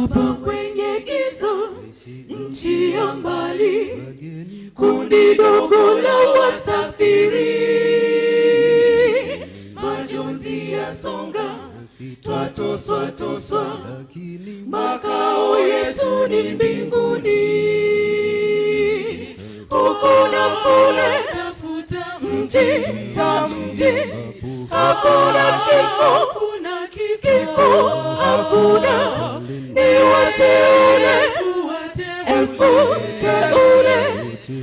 Hapa kwenye giza, nchi ya mbali, kundi dogo la wasafiri, majonzi ya songa, twatoswa toswa, makao yetu ni mbinguni. Huko na kule, tafuta mji ta mji, hakuna kifo, hakuna kifo, hakuna mteule, mteule,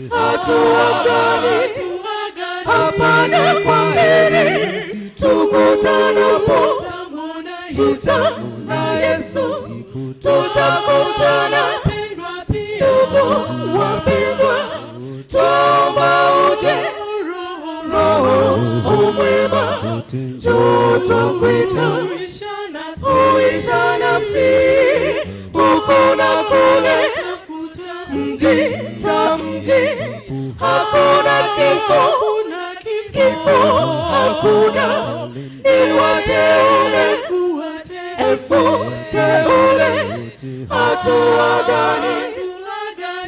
hatua gani? Hapana kwa mbele, tukutanapo tutamwona Yesu, tutakutana ndugu wapendwa, tuomba uje Roho umwema, tutakwita uisha nafsi tamji, tamji, hakuna kifo, kifo hakuna, ni wateule, elfu teule, hatua gani?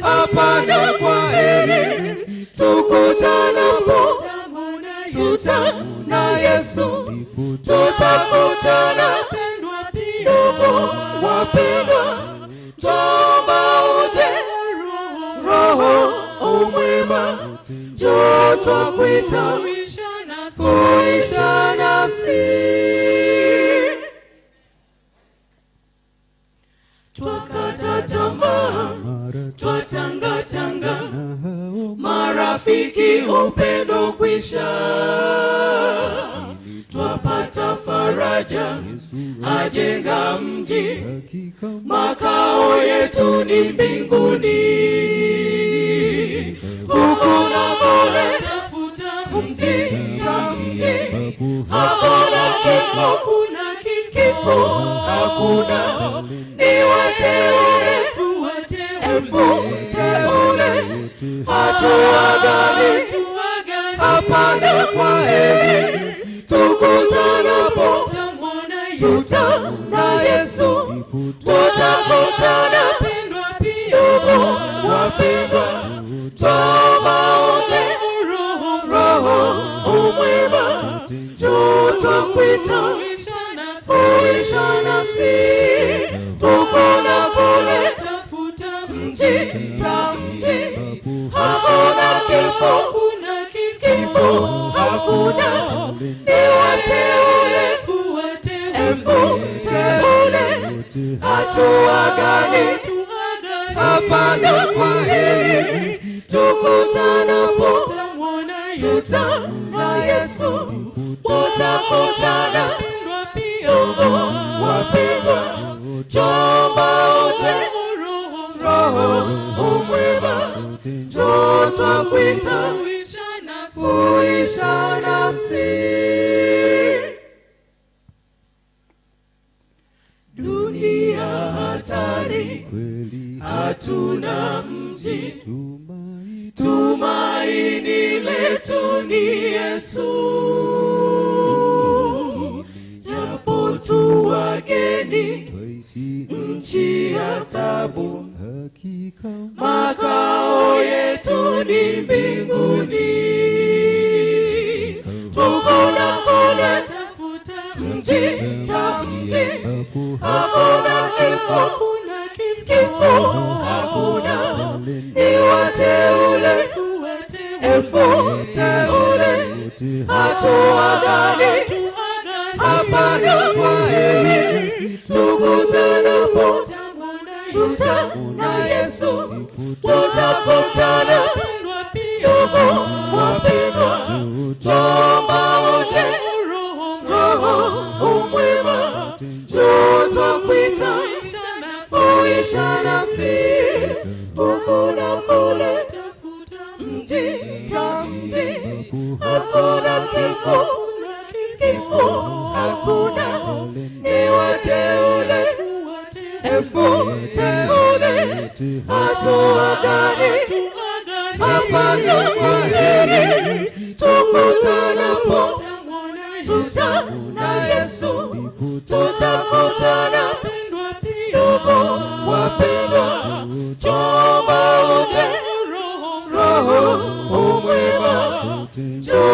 Hapana, kwa heri, tukutanapo tutana Yesu, tutakutana ndugu wapendwa. joto kuita kuisha nafsi twakata tamaa twatangatanga marafiki upendo kwisha twapata faraja ajenga mji makao yetu ni mbinguni huku na kule, tafuta mti mti, hakuna kifo, kuna kifo hakuna, ni wateule elfu teule, hatua gani apande kwa heri, tukutanapo tuta Yesu tutakutana nitamtii. Hakuna kifo, kuna kifo, teule, hatua gani? Hapana, kwa heri tutakutana wapendwa, wapendwa, njoo kweli hatuna mji tumaini, tumaini letu ni Yesu japo tu wageni nchi ya tabu hakika makao yetu ni mbinguni tukona kona tafuta mji tamji hakuna kifo kifo hakuna, ni wateule elfu teule, hatuagani hapana, kwa heri tukutanapo tuta na Yesu tutakutana. Ndugu wapendwa, tuomba uje roho Kulisha nafsi huku na kule, tafuta mji ta mji, hakuna kifo, kifo hakuna, ni wateule, elfu teule, hatua gani ambayo kwa heri tukutanapo, tutamwona Yesu, tutakutana mountains.